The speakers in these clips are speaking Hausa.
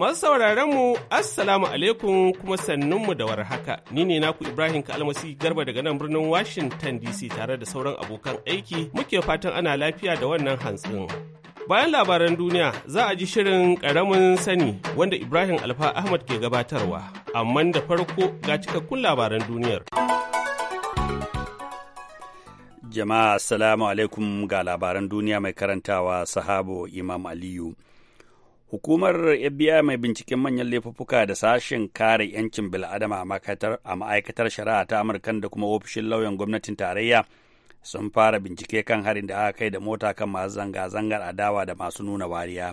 Masu sauraron mu Assalamu alaikum kuma sannunmu da warhaka. Ni ne naku Ibrahim Kalmasi Garba daga nan birnin Washington DC tare da sauran abokan aiki muke fatan ana lafiya da wannan hantsin. Bayan labaran duniya za a ji shirin ƙaramin sani wanda Ibrahim Alfa Ahmad ke gabatarwa, amma da farko ga cikakkun labaran duniyar. Jama'a Assalamu alaikum ga labaran duniya mai karantawa sahabo Imam Aliyu. Hukumar FBI mai binciken manyan laifuka da sashen kare 'yancin bil'adama a ma'aikatar shari'a ta Amurkan da kuma ofishin lauyan gwamnatin tarayya sun fara bincike kan harin da aka kai da mota kan masu zanga-zangar adawa da masu nuna wariya.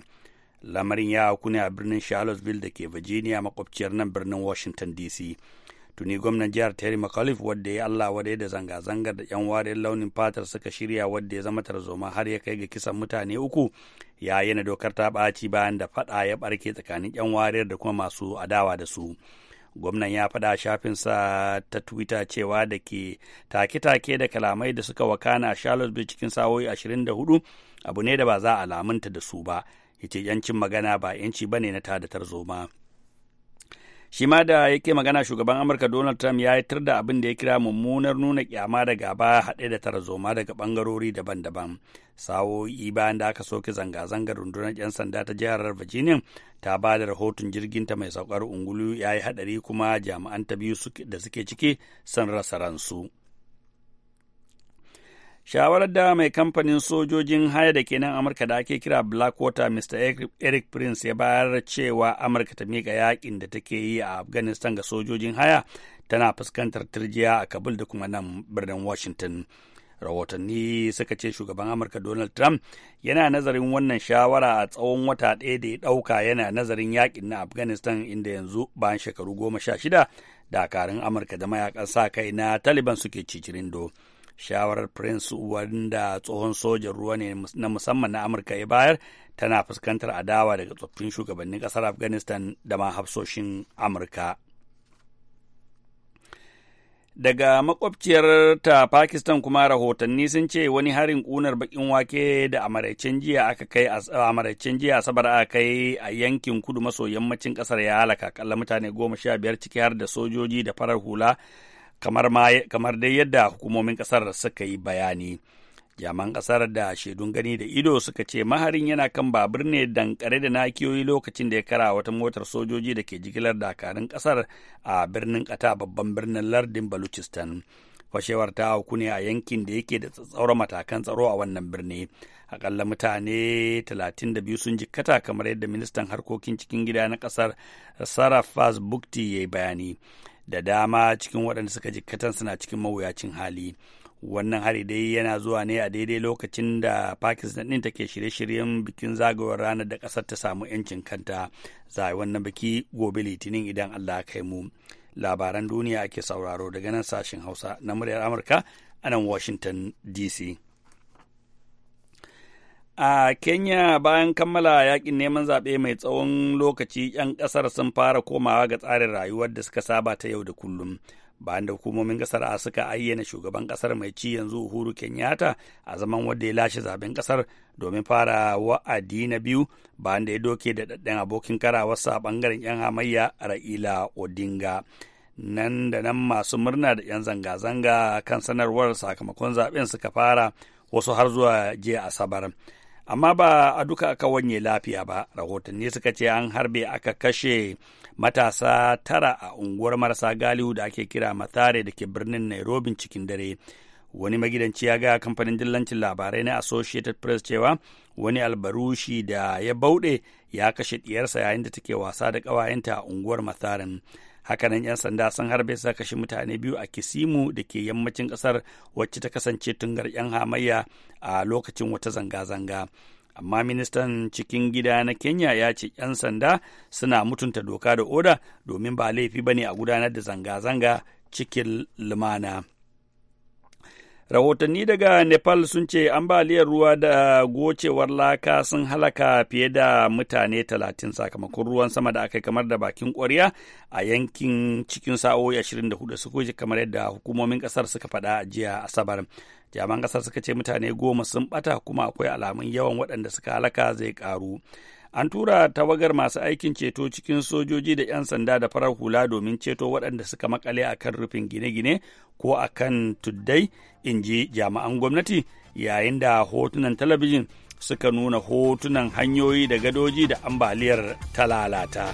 Lamarin ya ne a birnin Charlottesville da ke Virginia makwabciyar nan birnin Washington DC. tuni gwamnan jihar terry mcauliffe wadda ya allah wadai da zanga-zangar da yan wariyar launin fatar suka shirya wadda ya zama tarzoma har ya kai ga kisan mutane uku ya yana dokar ta ɓaci bayan da faɗa ya barke tsakanin yan wariyar da kuma masu adawa da su gwamnan ya shafin sa ta twitter cewa da ke take-take da kalamai da suka wakana a charlottesville cikin sawoyi 24 abu ne da ba za a lamunta da su ba yace 'yancin magana ba 'yanci bane na tada tarzoma. shi ma da yake magana shugaban amurka donald trump ya yitar da abin da ya kira mummunar nuna kyama da gaba haɗe da tarzoma daga bangarori daban-daban sa'o'i bayan da aka soke zanga-zangar rundunar 'yan sanda ta jihar virginia ta ba da rahoton ta mai saukar ungulu ya yi haɗari kuma jami'an ta biyu da suke ciki sun rasa ransu. shawarar da mai kamfanin sojojin haya da ke nan amurka da ake kira blackwater mr eric prince ya bayar cewa amurka ta miƙa yakin da take yi a afghanistan ga sojojin haya tana fuskantar turjiya a kabul da kuma nan birnin washington rahotanni suka ce shugaban amurka donald trump yana nazarin wannan shawara a tsawon wata ɗaya da ya ɗauka yana nazarin yakin na afghanistan inda yanzu bayan shekaru goma sha shida dakarun amurka da mayakan sa kai na taliban suke cicirindo. do shawarar prince wanda tsohon sojan ruwa ne na musamman na amurka ya bayar tana fuskantar adawa daga tsoffin shugabannin kasar afghanistan da ma hafsoshin amurka daga makwabciyar ta pakistan kuma rahotanni sun ce wani harin kunar bakin wake da amaraicen jiya aka kai amaraicen jiya asabar aka kai a yankin kudu maso yammacin kasar ya halaka kalla mutane goma sha biyar ciki har da sojoji da farar hula kamar, dai yadda hukumomin ƙasar suka yi bayani. jaman ƙasar da shaidun gani da ido suka ce maharin yana kan babur ne dankare da nakiyoyi lokacin da ya kara wata motar sojoji da ke jigilar dakarun ƙasar a birnin ƙata babban birnin lardin baluchistan fashewar ta hauku ne a yankin da yake da tsatsaura matakan tsaro a wannan birni akalla mutane 32 sun jikkata kamar yadda ministan harkokin cikin gida na ƙasar sarafas bukti ya yi bayani da dama cikin waɗanda suka jikkatan suna cikin mawuyacin hali wannan hari dai yana zuwa ne a daidai lokacin da pakistan ɗin take shirye-shiryen bikin zagayowar ranar da ƙasar ta samu 'yancin kanta za a yi wannan biki gobe litinin idan allah kai mu labaran duniya ake sauraro daga nan sashen hausa na muryar amurka a nan washington dc A Kenya bayan kammala yakin neman zaɓe mai tsawon lokaci 'yan ƙasar sun fara komawa ga tsarin rayuwar da suka saba ta yau da kullum. Bayan da hukumomin ƙasar a suka ayyana shugaban ƙasar mai ci yanzu Uhuru Kenyatta a zaman wadda ya lashe zaɓen ƙasar domin fara wa'adi na biyu bayan da ya doke da ɗaɗɗen abokin karawarsa a ɓangaren 'yan hamayya Ra'ila Odinga. Nan da nan masu murna da 'yan zanga-zanga kan sanarwar sakamakon zaɓen suka fara wasu har zuwa jiya Asabar. amma ba a duka aka wanye lafiya ba rahotanni suka ce an harbe aka kashe matasa tara a unguwar marasa galihu da ake kira mathare da ke birnin nairobi cikin dare wani magidanci ya ga kamfanin dillancin labarai na associated press cewa wani albarushi da ya bauɗe ya kashe diyarsa yayin da take wasa da ƙawayenta a unguwar matharin hakanan 'yan sanda sun harbe sa kashe mutane biyu a kisimu da ke yammacin kasar wacce ta kasance tungar 'yan hamayya a lokacin wata zanga-zanga amma ministan cikin gida na kenya ya ce 'yan sanda suna mutunta doka da oda domin ba laifi ba ne a gudanar da zanga-zanga cikin lumana. Rahotanni daga Nepal sun ce ambaliyar ruwa da gocewar laka sun halaka fiye da mutane talatin sakamakon ruwan sama da aka kamar da bakin kwarya a yankin cikin sa'o'i 24 su kamar yadda hukumomin kasar suka faɗa a jiya Asabar. Jaman kasar suka ce mutane goma sun bata kuma akwai alamun yawan waɗanda suka halaka zai karu. An tura tawagar masu aikin ceto cikin sojoji da 'yan sanda da farar hula domin ceto waɗanda suka makale a kan rufin gine-gine ko a kan tuddai, in ji jami'an gwamnati yayin da hotunan talabijin suka nuna hotunan hanyoyi da gadoji da ambaliyar ta lalata.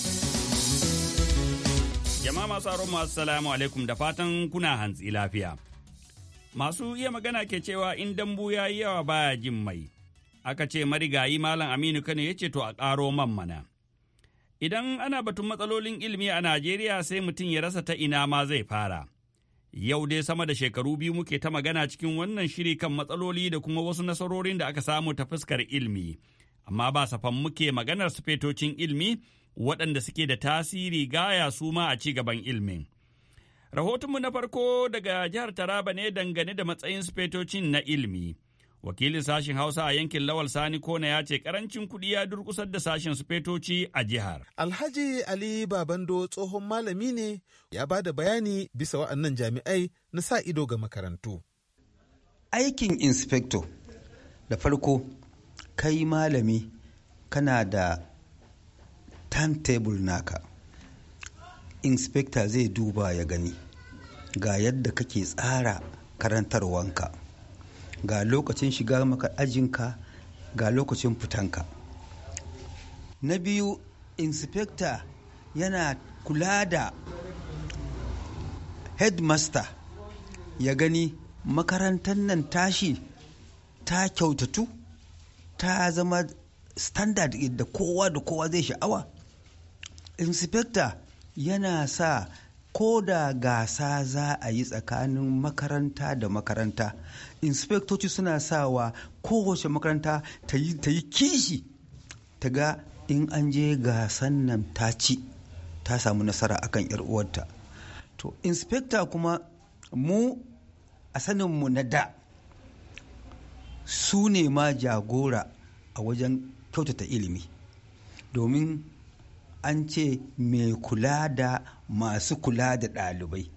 Jama'a masu aron masu salamu alaikum da fatan kuna hantsi lafiya. Masu iya magana ke cewa in dambu ya yi yawa baya jin mai. Aka ce marigayi Malam Aminu Kano ya ce to a ƙaro man mana. Idan ana batun matsalolin ilimi a Najeriya sai mutum ya rasa ta ina ma zai fara. Yau dai sama da shekaru biyu muke ta magana cikin wannan shiri kan matsaloli da kuma wasu nasarorin da aka samu ta fuskar ilimi. Amma ba safan muke maganar sufetocin ilimi waɗanda suke da tasiri gaya su ma a ci gaban ilmin. Rahotonmu na farko daga jihar Taraba ne dangane da matsayin sufetocin na ilmi. Wakilin sashen Hausa a yankin Lawal Sani Kona ya ce karancin kuɗi ya durkusar da sashen sufetoci a jihar. Alhaji Ali Babando tsohon malami ne ya ba da bayani bisa wa'annan jami'ai na sa ido ga makarantu. Aikin inspector da farko kai malami kana da timetable naka inspector zai duba ya gani ga yadda kake tsara karantarwanka ga lokacin shiga maka ajinka ga lokacin fitanka na biyu inspector yana kula da headmaster ya gani makarantar nan tashi ta kyautatu ta zama standard da kowa da kowa zai sha'awa inspector yana sa ko da gasa za a yi tsakanin makaranta da makaranta inspectoci suna sawa kowace makaranta ta yi kishi ta ga in an je gasan nan ta ci ta samu nasara akan yar uwarta to inspector kuma mu a sanin mu na da su ne ma jagora a wajen kyautata ilimi domin an ce mai kula da masu kula da ɗalibai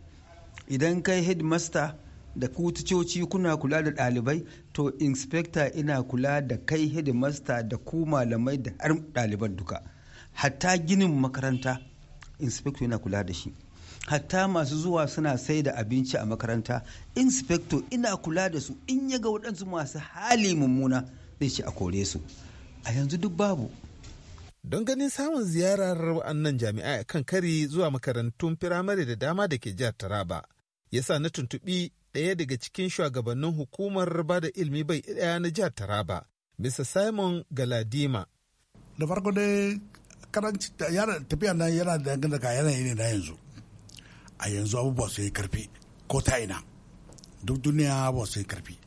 idan kai headmaster da kutucoci kuna kula da ɗalibai to inspector ina kula da kai headmaster da ku malamai da har ɗaliban duka hatta ginin makaranta inspector yana kula da shi hatta masu zuwa suna sai da abinci a makaranta inspector ina kula da su in ya ga waɗansu masu hali mummuna zai ce a kore su a yanzu duk babu don ganin samun ziyarar wa'annan jami'ai kan kari zuwa makarantun firamare da dama da ke jihar Taraba. Yasa na tuntuɓi ɗaya daga cikin shugabannin hukumar ba da ilimi bai ɗaya na jihar Taraba, Mr. Simon Galadima. Da farko dai karanci tafiya nan yana da yankin da yanayi ne na yanzu. A yanzu abubuwa su yi karfi ko ta ina. Duk duniya abubuwa su yi karfi.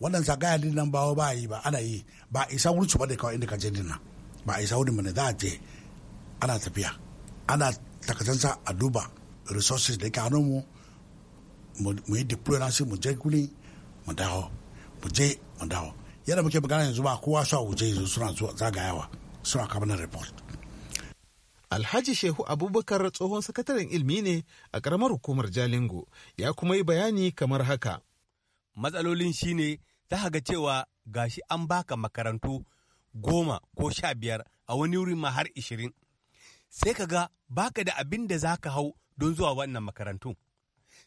Wannan sagaya nan ba ba yi ba ana yi ba isa wurin su ba da kawai inda ka je nan. ba a isa mana za a je ana tafiya ana takatansa a duba resources da ke hannunmu mu yi deploy na mu je guri mu dawo mu je mu dawo yadda muke magana yanzu ba kowa su a wuce yanzu suna zagayawa suna kamar report Alhaji Shehu Abubakar tsohon sakataren ilmi ne a ƙaramar hukumar Jalingo ya kuma yi bayani kamar haka. Matsalolin shine za ga cewa gashi an baka makarantu goma ko sha biyar a wani wuri ma har ishirin sai ka ga baka da abin da zaka hau don zuwa wannan makarantun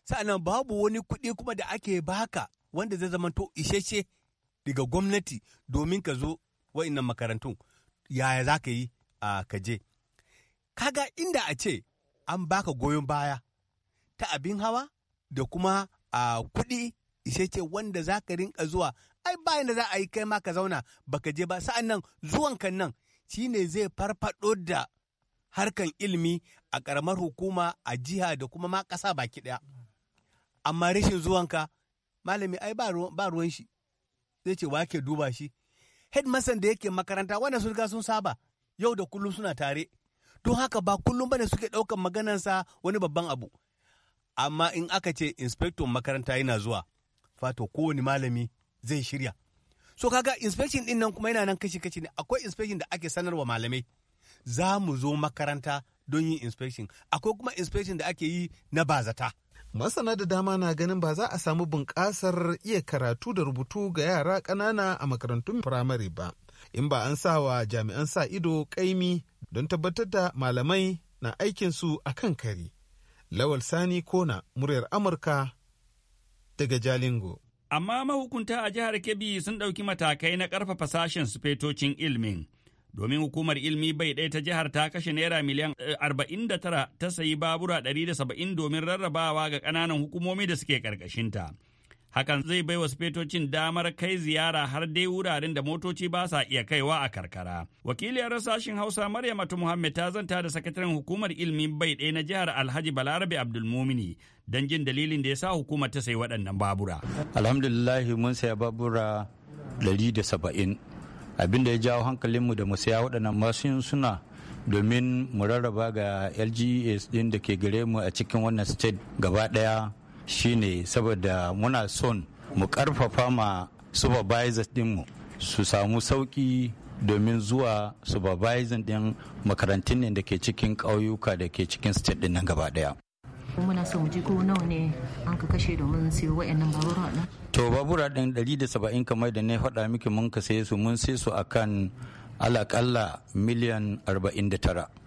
sa'annan babu wani kuɗi kuma da ake baka wanda zai zamanto isheshe daga gwamnati domin ka zo wa'innan makarantu yaya za ka yi a kaje kaga inda a ce an baka goyon baya ta abin hawa da kuma a kuɗi isheshe wanda za ka rinka zuwa ai ba da za a yi kai ma ka zauna ba ka je ba sa'an nan zuwanka nan shi ne zai farfado da harkan ilimi a ƙaramar hukuma a jiha da kuma ma ƙasa baki ɗaya amma rashin zuwanka malami ai ba ruwan shi zai ce wake duba shi headmaster da yake makaranta wanda sun sun saba yau da kullum suna tare don haka ba kullum bane suke ɗaukan maganansa wani babban abu amma in aka ce inspector makaranta yana zuwa fato kowane malami zai shirya so kaga inspection din nan kuma yana nan kashi kashi ne akwai inspection da ake sanarwa malamai za mu zo makaranta don yin inspection akwai kuma inspection da ake yi na bazata masana da dama na ganin ba za a samu bunƙasar iya karatu da rubutu ga yara ƙanana a makarantun firamare ba in ba an sa wa jami'an sa ido kaimi don tabbatar da malamai na aikinsu a kan kari lawal sani kona muryar amurka daga jalingo Amma mahukunta a jihar Kebbi sun ɗauki matakai na ƙarfafa sashen su fetocin ilmin. Domin hukumar ilmi bai ɗaya ta jihar ta kashe naira miliyan 49 eh, ta sayi babura 170 domin rarrabawa ga ƙananan hukumomi da suke ƙarƙashinta. Hakan zai bai wa sufetocin damar kai ziyara har dai wuraren da motoci ba sa iya kaiwa a karkara. Wakiliyar sashen Hausa Maryam Atu Muhammad ta zanta da sakataren hukumar ilimin bai ɗaya na jihar Alhaji Balarabe Abdulmumini don jin dalilin da ya sa hukumar ta sayi waɗannan babura. Alhamdulillah mun saya babura dari da saba'in. Abin da ya jawo hankalinmu da mu saya waɗannan masu suna domin mu rarraba ga LGS ɗin da ke gare mu a cikin wannan state gaba ɗaya shine saboda muna son mu karfafa ma supervisors dinmu su samu sauki domin zuwa supervising din makarantun ne da ke cikin ƙauyuka da ke cikin state din nan gaba daya muna so mu ji ko nawa ne an ka kashe domin siyo wayannan babura din to babura din 170 kamar da ne faɗa miki mun ka saye su mun sai su akan alakalla miliyan 49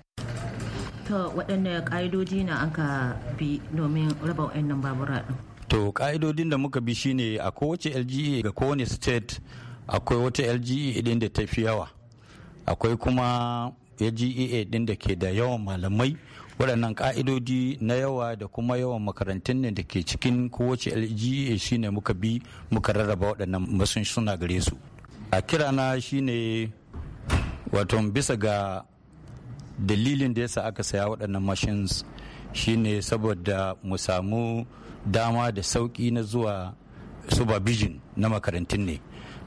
to waɗanne ƙa'idoji na an ka bi domin raba wa'annan babura ɗin to ƙa'idodin da muka bi shine a kowace lge ga kowane state akwai wata lge ɗin da ta fi yawa akwai kuma lge ɗin da ke da yawan malamai waɗannan ƙa'idodi na yawa da kuma yawan makarantun ne da ke cikin kowace lge shine muka bi muka rarraba waɗannan masun suna gare su a kirana shine wato bisa ga dalilin da yasa aka saya waɗannan machines shine saboda mu samu dama da sauƙi na zuwa supervision na makarantun ne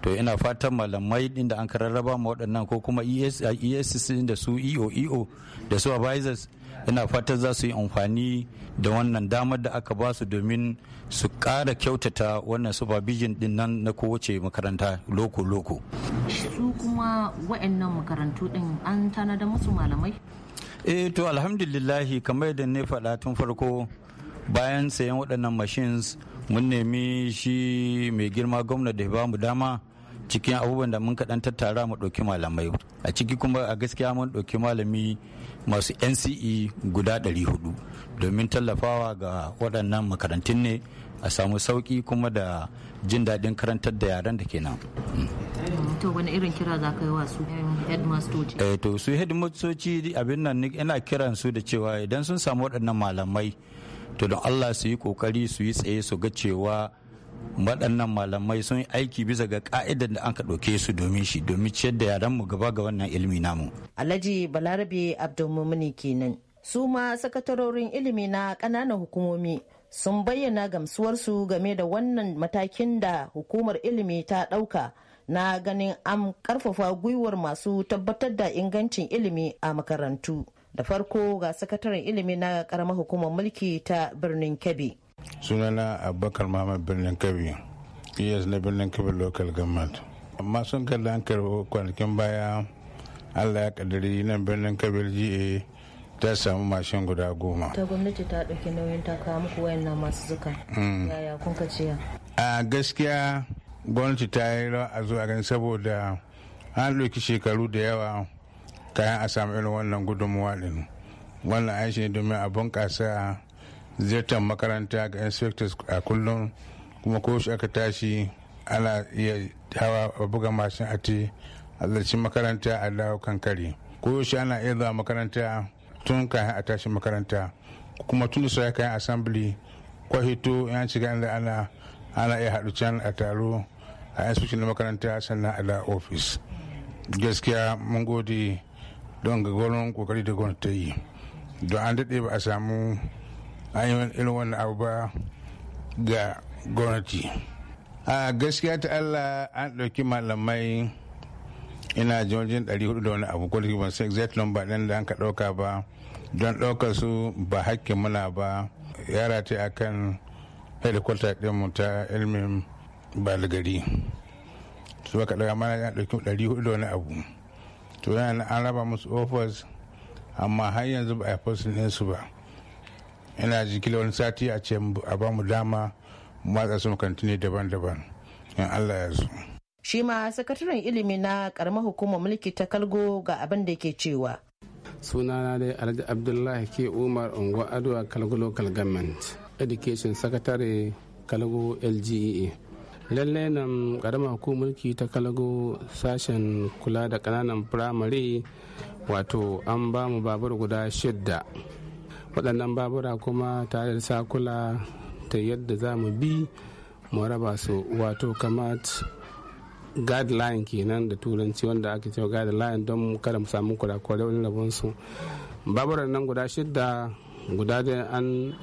to ina fatan malamai din da an kararraba ma waɗannan ko kuma ESCC uh, e da su EOEO e da su advisors ina fatan za su yi amfani da wannan damar da aka ba su domin su ƙara kyautata wannan supervision din nan na kowace makaranta loko-loko su kuma waɗannan makarantu din an tanada musu malamai eh to alhamdulillahi kamar yadda ne faɗa tun farko bayan sayan waɗannan machines mun nemi shi mai girma gwamna da ba mu dama cikin abubuwan da mun kaɗan tattara mu ɗauki malamai a ciki kuma a gaskiya mun ɗauki malami masu nce guda 400 domin tallafawa ga waɗannan makarantun ne a samu sauƙi kuma da jin daɗin karantar da yaran da ke nan. to wani irin kira za ka yi wasu su headmastoci? Eh, abin nan ina kiran su da cewa idan sun samu waɗannan malamai to don allah su yi ƙoƙari su yi tsaye su ga cewa waɗannan malamai sun yi aiki bisa ga ka'idar da an ka ɗauke su domin shi domin ciyar da yaran mu gaba ga wannan ilimi namu. Alhaji Balarabe Abdulmumini kenan. Su ma sakatarorin ilimi na ƙananan hukumomi sun bayyana gamsuwarsu game da wannan matakin da hukumar ilimi ta ɗauka na ganin an ƙarfafa gwiwar masu tabbatar da ingancin ilimi a makarantu. Da farko ga sakataren ilimi na ƙaramar hukumar mulki ta birnin Kebbi. sunana abubakar muhammad birnin kabi es na birnin kabi local government amma sun kalli an karbo kwanakin baya allah ya kadiri nan birnin kabi ga ta samu mashin guda goma ta gwamnati ta ɗauki nauyin ta kawo muku na masu zuka mm. yaya kun ka ciya a gaskiya gwamnati ta yi rawa a zuwa gani saboda an ɗauki shekaru da yawa kayan a samu irin wannan gudunmuwa ɗin wannan aishi domin a bunƙasa ziyartar makaranta ga inspectors a kullum kuma ko shi aka tashi ana iya hawa a buga mashin a ti a makaranta a dawo kankare ko shi ana iya zuwa makaranta tun kayan a tashi makaranta kuma tun da ya kayan assembly hito yan shiga inda ana ana iya haɗu can a taro a inspection na makaranta sannan a da office gaskiya mun gode don ga gwamnan kokari da gwamnati ta yi don an daɗe ba a samu an yi irin wani abu ba ga gwamnati a gaskiya ta allah an ɗauki malamai ina jojin 400 da wani abu ko ban san exact number ɗin da an ka ɗauka ba don ɗaukar su ba hakkin muna ba yara ta akan helikwata ɗinmu ta ilmin balgari su ka daga mana ya ɗauki 400 da wani abu to yana an raba musu offers amma har yanzu ba a yi ɗinsu ba yana jikila wani sati a ce a ba mu dama matsa su makarantuni daban-daban in allah ya zo shi ma sakataren ilimi na karamar hukumar mulki ta kalgo ga abin da ke cewa sunana dai alhaji abdullahi ke umar unguwa adowa kalgo local government education secretary kalgo lgea lallai nan karamar hukumar mulki ta kalgo sashen kula da kananan firamare wato an ba mu babur guda shidda waɗannan babura kuma tare da sakula ta yadda za mu bi mu raba su wato kamat guideline kenan da turanci wanda ake cewa guideline don kada mu samu kurakurai wani rabon su baburan nan guda shidda guda da an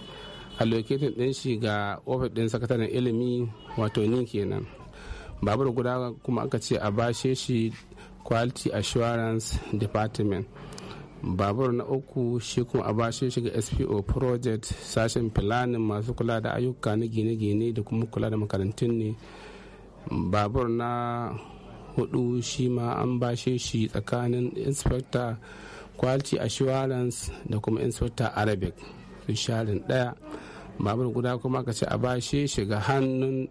allocating din shi ga ofis din sakataren ilimi wato ni kenan babur guda kuma aka ce a bashe shi quality assurance department babur na uku shi kuma a bashe shi ga spo project sashen filanin masu kula da ayyuka na gine-gine da kuma kula da makarantun ne babur na hudu shi ma an bashe shi tsakanin inspector quality assurance da kuma inspector arabic su sharin daya babur guda kuma aka ce a bashe shi ga hannun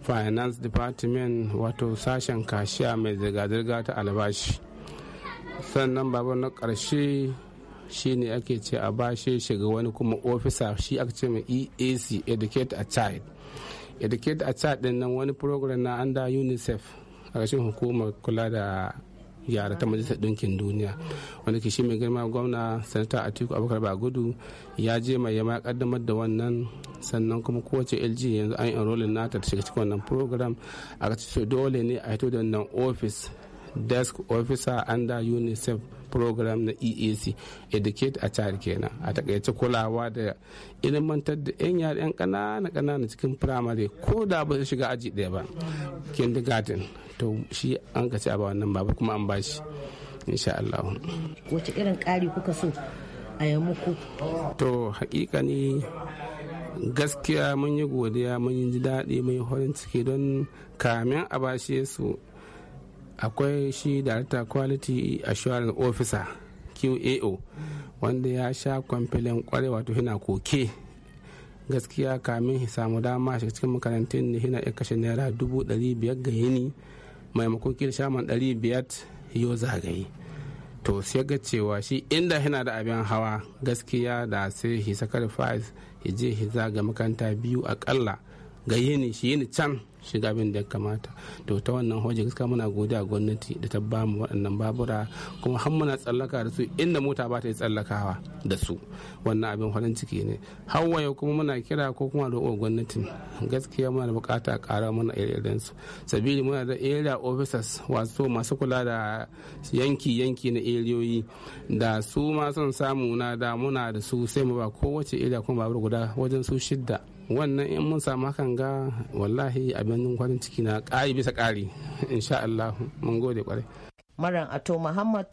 finance department wato sashen kashiya mai zirga-zirga ta albashi sannan baba na ƙarshe ne ake ce a bashe shiga wani kuma ofisa shi aka ce mai eac educate a child educate a child din nan wani program na anda unicef a ƙarshen hukumar kula da yara ta majalisar ɗinkin duniya wanda ke shi mai girma gwamna sanata atiku abubakar gudu ya je mai yama kaddamar da wannan sannan kuma kowace lg yanzu an enrolin nata ta shiga cikin wannan program a dole ne a hito da wannan office desk officer under unicef program na eac educate a child kenan a takaice kulawa da ilmantar da yan yare yan kanana kanana cikin primary ko da ba su shiga aji daya ba kindergarten to shi an ka a ba wannan babu kuma an bashi insha Allah wace irin kari kuka so a yi muku to hakika ne gaskiya mun yi godiya mun yi daɗi mun yi horin ciki don kamin a bashe su akwai shi director quality assurance officer qao wanda ya sha kwamfilin kware wato hina koke gaskiya kamin samu dama shi cikin makarantun ne hina ya kashe naira dubu ɗari biyar ga yini maimakon kila shaman ɗari biyar yo zagaye to sai ga cewa shi inda hina da abin hawa gaskiya da sai hisakar sacrifice ya je ga zaga makaranta biyu akalla ga yini shi yini can shiga abin da ya kamata to ta wannan hoji gaskiya muna godiya gwamnati da ta ba mu waɗannan babura kuma har muna tsallaka da su inda mota ba ta yi tsallakawa da su wannan abin farin ciki ne hawaye kuma muna kira ko kuma roƙo gwamnati gaskiya muna da bukata ƙara mana irin su sabili muna da area officers wato masu kula da yanki yanki na iriyoyi da su ma son samu na da muna da su sai mu ba kowace area kuma babur guda wajen su shidda wannan in mun samu hakan ga wallahi abin kwarin ciki na ƙari bisa ƙari insha Allah mun gode kwarai Maryam Ato Muhammad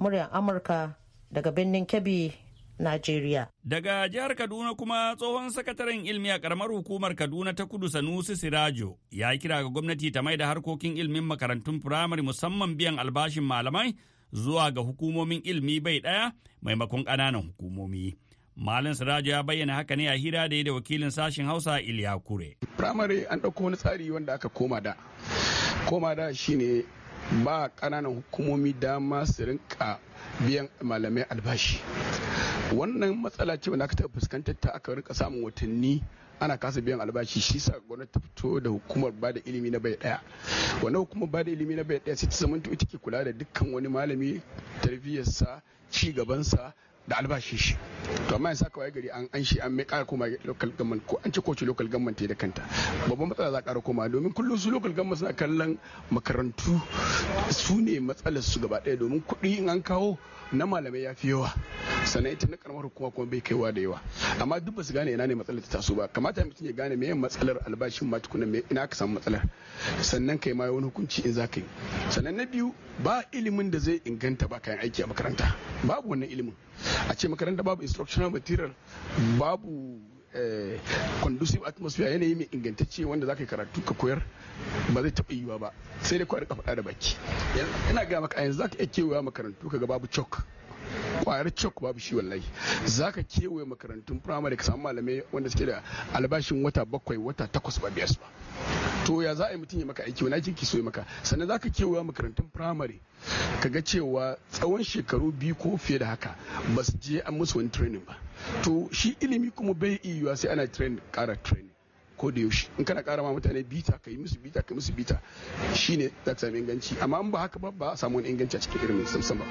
muryar Amurka daga birnin Kebbi Najeriya. Daga jihar Kaduna kuma tsohon sakataren ilmi a karamar hukumar Kaduna ta kudu Sanusi Sirajo ya kira ga gwamnati ta mai da harkokin ilmin makarantun firamare musamman biyan albashin malamai zuwa ga hukumomin ilmi bai ɗaya maimakon ƙananan hukumomi. Malam Siraju ya bayyana haka ne a hira da ya da wakilin sashen Hausa Iliya Kure. Firamare an ɗauko wani tsari wanda aka koma da. Koma da shine ba ƙananan hukumomi dama su rinka biyan malamai albashi. Wannan matsala ce wanda aka taɓa fuskantar ta aka rinka samun watanni ana kasa biyan albashi shi sa gwamnati ta fito da hukumar bada ilimi na bai daya wannan hukumar bada ilimi na bai daya sai ta zamanto ita ke kula da dukkan wani malami tarbiyyarsa ci gabansa da albashi shi to amma yanzu kawai gari an shi an mai kara koma local government ko an ci koci local government da kanta babban matsala za kara koma domin kullum su local government suna kallon makarantu su ne matsalar su gaba daya domin kuɗi in an kawo na malamai ya fi yawa sannan ita na karamar hukuma kuma bai kaiwa da yawa amma duk basu gane ina ne matsalar ta taso ba kamata mutum ya gane me matsalar albashin ma tukuna me ina ka samu matsalar sannan kai ma wani hukunci in za ka yi sannan na biyu ba ilimin da zai inganta ba kayan aiki a makaranta babu wannan ilimin a ce makaranta babu instructional material babu eh, conducive atmosphere yanayi mai ingantacce wanda za ka yi karatu ka koyar ba zai taɓa yiwuwa ba sai dai kwarin kafaɗa da baki ina ga maka yanzu za ka iya kewaya makarantu ka ga babu chalk kwayar chalk babu shi wallahi za ka kewaye makarantun firamare ka samu malamai wanda suke da albashin wata bakwai wata takwas ba biyar ba to ya za a yi mutum ya maka aiki wani aikin ki so maka sannan za ka kewaya makarantun firamare ka ga cewa tsawon shekaru biyu ko fiye da haka ba su je an musu wani training ba to shi ilimi kuma bai iya sai ana training kara training ko da yaushe in kana kara ma mutane bita ka yi musu bita ka musu bita shine za ka sami inganci amma in ba haka ba a samu wani inganci a cikin ilimin samsam ba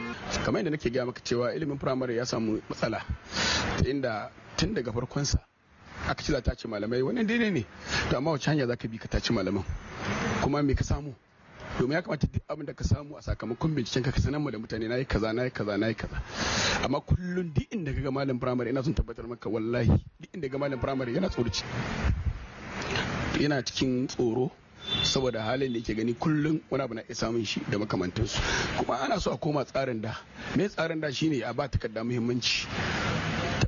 kamar yadda nake gaya maka cewa ilimin firamare ya samu matsala ta inda tun daga farkonsa aka ce za ta ci malamai wannan daidai ne to amma wacce hanya za ka bi ka ci malaman kuma me ka samu domin ya kamata duk abin da ka samu a sakamakon binciken ka ka mu da mutane na yi kaza na yi kaza na yi kaza amma kullum duk inda ga malam firamare ina son tabbatar maka wallahi duk inda ga malam firamare yana tsoraci yana cikin tsoro saboda halin da yake gani kullum wani abu na iya samun shi da makamantansu kuma ana so a koma tsarin da me tsarin da shine a ba takarda muhimmanci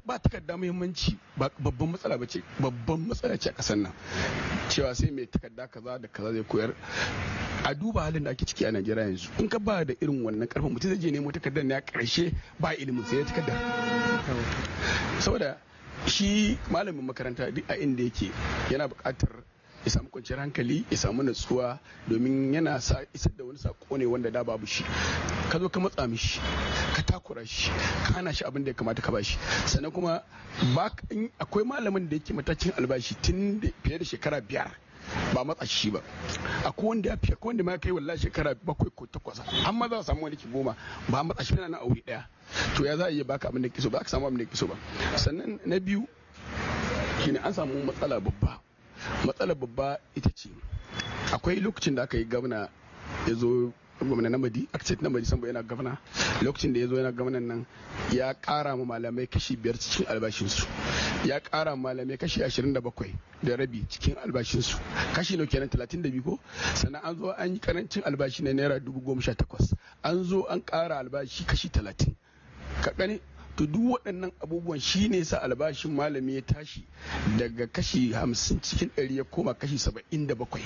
ba takarda muhimmanci babban matsala ba ce babban matsala ce a kasar nan cewa sai mai takarda kaza da kaza zai koyar a duba halin da ake ciki a Najeriya yanzu in ka ba da irin wannan karfin mutum zai je nemo takardar ne a karshe ba ilimin sai ya takarda saboda shi malamin makaranta duk a inda yake yana bukatar. ya samu kwanciyar hankali ya samu natsuwa domin yana sa isar da wani sako ne wanda da babu shi ka zo ka matsa mishi ka takura shi ka hana shi abin da ya kamata ka bashi sannan kuma akwai malamin da yake matakin albashi tun fiye da shekara biyar ba matsa shi ba akwai wanda ya fiye wanda ma kai walla shekara bakwai ko takwas an ma za a samu wani ki goma ba matsa shi na aure daya to ya za a iya baka abin da kiso ba ka samu abin da kiso ba sannan na biyu shine an samu matsala babba matsalar babba ita ce akwai lokacin da aka yi gwamna ya zo gwamna namadi akcet namadi sanbo yana gwamna lokacin da ya zo yana gwamnan nan ya kara ma malamai kashi biyar cikin albashinsu ya kara ma malamai kashi ashirin da bakwai da rabi cikin albashinsu kashi nau kenan talatin da ko sannan an zo an yi karancin albashi na naira dubu goma sha takwas an zo an kara albashi kashi talatin ka gani to duk waɗannan abubuwan shi ne sa albashin malami ya tashi daga kashi hamsin cikin ɗari ya koma kashi saba'in da bakwai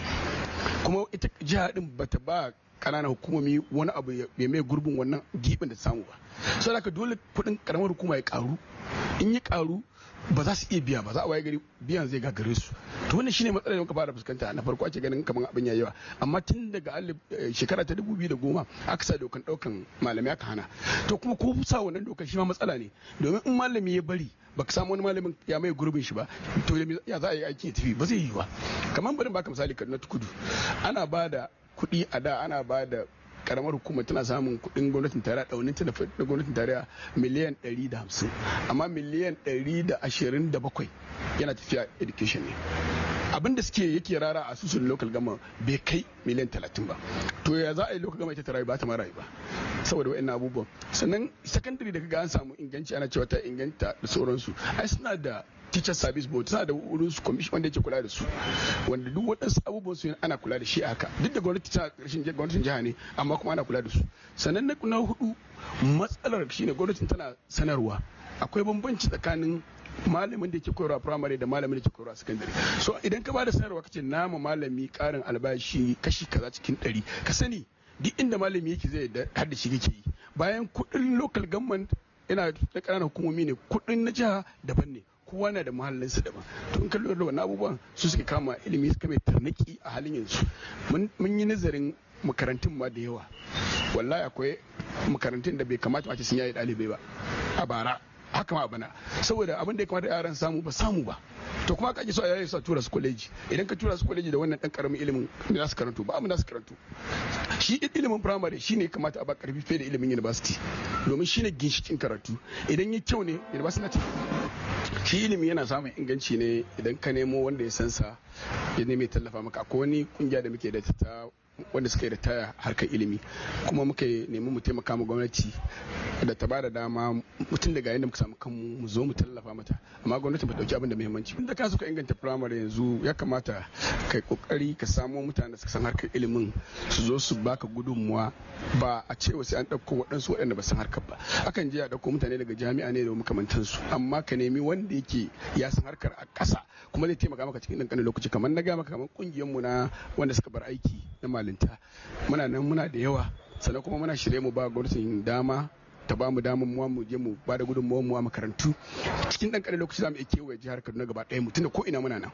kuma ita jiha ɗin bata ba ƙananan hukumomi wani abu ya mai gurbin wannan gibin da samu ba so da dole kuɗin ƙaramar hukuma ya ƙaru in ya ƙaru. ba za su iya biya ba za a waye gari biyan zai gagare su to wannan shine matsalar da muka fara fuskanta na farko ake ganin kamar abin yayi yawa amma tun daga eh, shekara ta dubu biyu da goma aka sa dokan daukan malami aka hana to kuma ko sa wannan dokan shi ma matsala ne domin in malami ya bari baka samu wani malamin ya mai gurbin shi ba to ya za a yi aiki ya tafi ba zai yi ba kamar barin baka misali Kaduna Kudu ana ba da kuɗi a da ana ba da karamar hukuma tana samun kuɗin gwamnatin tarayya daunin ta da gwamnatin tarayya miliyan 150 amma miliyan 127 yana tafiya education ne abin da suke yake rara a susun local gama bai kai miliyan 30 ba to ya za a yi local gama ita ta rayu ba ta ma rayu ba saboda wa'annan abubuwan sannan secondary da kaga an samu inganci ana cewa ta inganta da sauransu ai suna da teacher service board tana da wurin su commission wanda yake kula da su wanda duk waɗansu abubuwan su ana kula da shi haka duk da gwamnati ta ƙarshen gwamnatin jiha ne amma kuma ana kula da su sannan na hudu matsalar shine gwamnatin tana sanarwa akwai bambanci tsakanin malamin da ke koyarwa primary da malamin da ke koyarwa secondary so idan ka ba da sanarwa kace nama malami karin albashi kashi kaza cikin ɗari ka sani duk inda malami yake zai hada shi yake yi bayan kuɗin local government yana da ƙananan hukumomi ne kuɗin na jiha daban ne kowa na da muhallinsa daban tun kan lura da wani abubuwan su suke kama ilimi suka mai tarnaki a halin yanzu mun yi nazarin makarantun ma da yawa wallahi akwai makarantun da bai kamata a ce sun yaye ɗalibai ba a bara haka ma bana saboda abin da ya kamata yaran samu ba samu ba to kuma ka ji so yayi sa tura su kwaleji idan ka tura su kwaleji da wannan dan karamin ilimin da za su karanto ba mu za su karanto shi ilimin primary shine ya kamata a ba karfi fe da ilimin university domin shine ginshikin karatu idan ya kyau ne university na shi ilimi yana samun inganci ne idan ka nemo wanda ya sansa ya nemi tallafa maka akwai wani kungiya da muke da ta wanda suka yi da taya harkar ilimi kuma muka nemi mu taimaka ma gwamnati da ta bada dama mutum daga yadda muka samu kanmu mu zo mu tallafa mata amma gwamnati ba dauki abin da muhimmanci tunda ka suka inganta firamare yanzu ya kamata kai kokari ka samo mutane suka san harkar ilimin su zo su baka gudunmuwa ba a ce sai an dauko waɗansu waɗanda ba san harkar ba akan je a dauko mutane daga jami'a ne da su amma ka nemi wanda yake ya san harkar a ƙasa kuma zai taimaka maka cikin ɗanƙanin lokaci kamar na gama kamar mu na wanda suka bar aiki na malinta muna nan muna da yawa sannan kuma muna shirye mu ba gwamnatin dama ta ba mu damar mu mu je mu ba da mu a makarantu cikin dan ƙarin lokaci za mu iya kewaye jihar Kaduna gaba ɗaya mu tunda ko ina muna nan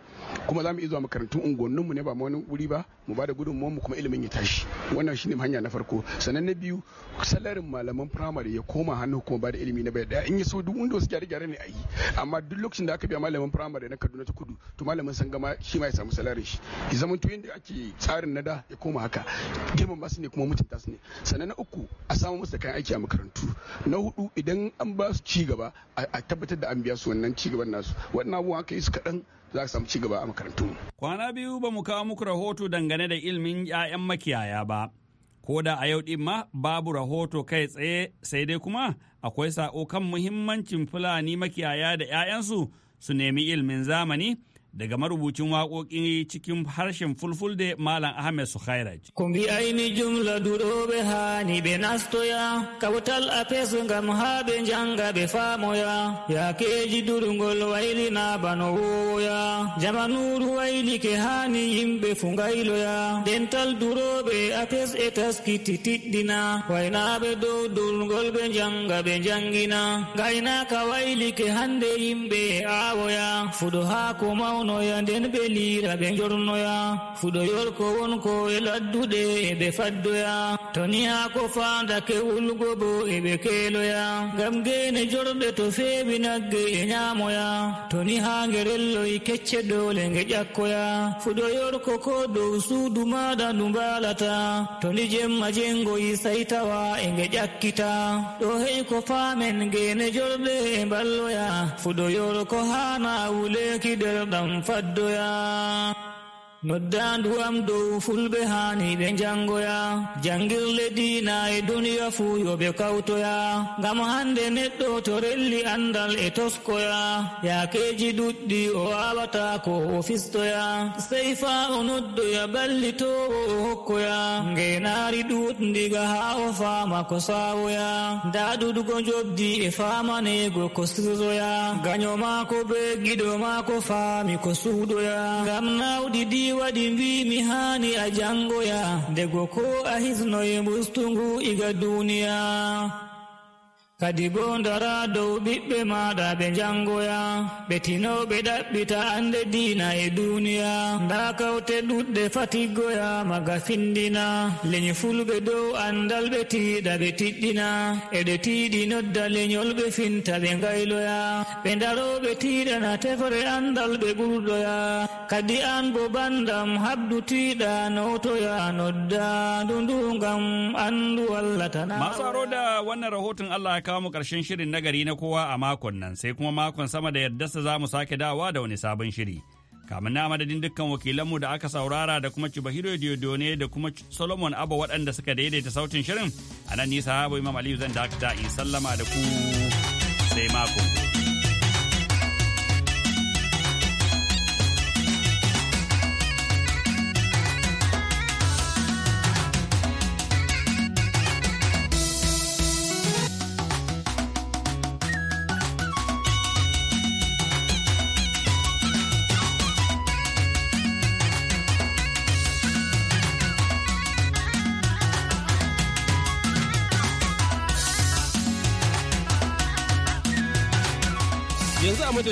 kuma za mu iya zuwa makarantun unguwannin ne ba mu wani wuri ba mu ba da gudunmuwar mu kuma ilimin ya tashi wannan shine hanya na farko sannan na biyu salarin malaman firamare ya koma hannu kuma ba da ilimi na bai daya in ya so duk wanda wasu gyare-gyare ne a yi amma duk lokacin da aka biya malamin firamare na Kaduna ta Kudu to malamin gama shi ma ya samu salarin shi ya zama to ake tsarin na da ya koma haka girman masu ne kuma mutunta su ne sannan na uku a samu musu kayan aiki a makarantu na hudu idan an ba su ci a tabbatar da an biya su wannan ci nasu wannan abubuwan aka yi su kaɗan za a samu ci gaba a makarantu. kwana biyu ba mu kawo muku rahoto dangane da ilimin 'ya'yan makiyaya ba ko da a yau ɗin ma babu rahoto kai tsaye sai dai kuma akwai sako kan muhimmancin fulani makiyaya da 'ya'yansu su nemi ilimin zamani daga marubucin waƙoƙi cikin harshen fulfulde Malam Ahmed Sukhairaj. Kun bi aini jumla duro be hani be nastoya, kawtal a fesu ngam ha be janga be famoya, ya keji durungol waili na bano woya, jamanuru waili ke hani yimɓe fungailoya, dental duro be a fes e taskiti tiɗɗina, wainaɓe dow durgol be janga be jangina, gainaka waili ke hande yimɓe e awoya, fuɗo ha ko noya nden be liira ɓe jornoya fuɗoyol ko ko e e be faddoya to ni ha ko fandake wulgo bo eɓe keeloya ngam gene jorɓe to febi nagge e nyaamoya to ni haa ngerelloy kecce doole nge ƴakkoya fuɗoyorko ko dow suudu maaɗa ndu mbaalata to ni jemma jengoyi saitawa e nge jakkita. do hey ko faamen gene jorɓe e mballoya fuɗoyorko haana wuleki der dam faddoya. noddaandu am dow fulɓe haani ɓe janngoya janngirle diina e duniya fuu yo ɓe kawtoya ngam hannde neɗɗo to relli anndal e toskoya yaakeeji ɗuɗɗi o aawata ko o fistoya sey faa o noddoya ballitoo o hokkoya ngeenaari ɗuuɗndiga haa o faama ko saawoya ndaa ɗuɗugo njoɓdi e faamaneego ko sirroya gaño maako bee giɗo maako faami ko suuɗoya ngam naawɗi diina waɗi mbimi hani a jangoya dego ko a hisnoye bustungu iga duniya kadi bo ndara dow ɓiɓɓe maɗa ɓe jangoya ɓe tinoɓe ɗaɓɓita ande dina e duniya nda kawte ɗuɗɗe fatigoya maga findina leñi fulɓe dow andal ɓe tiiɗa ɓe tiɗɗina eɗe tiiɗi nodda leñol ɓe finta ɓe gayloya ɓe daroɓe tiiɗana tefre andal ɓe ɓurɗoya kadi an bo bandam habdutiɗa notoya nodda ndu ndu ngam andu wallatana masaro da wannan rahoton allah kawo mu karshen shirin nagari na kowa a makon nan sai kuma makon sama da yarda za mu sake dawa da wani sabon shiri. Kamin na madadin dukkan wakilanmu da aka saurara da kuma Cibahiro Diodone da kuma Solomon Abba waɗanda suka daidaita sautin shirin a nan nisa Habu Imam Aliyu zan dakata in sallama da ku sai makon.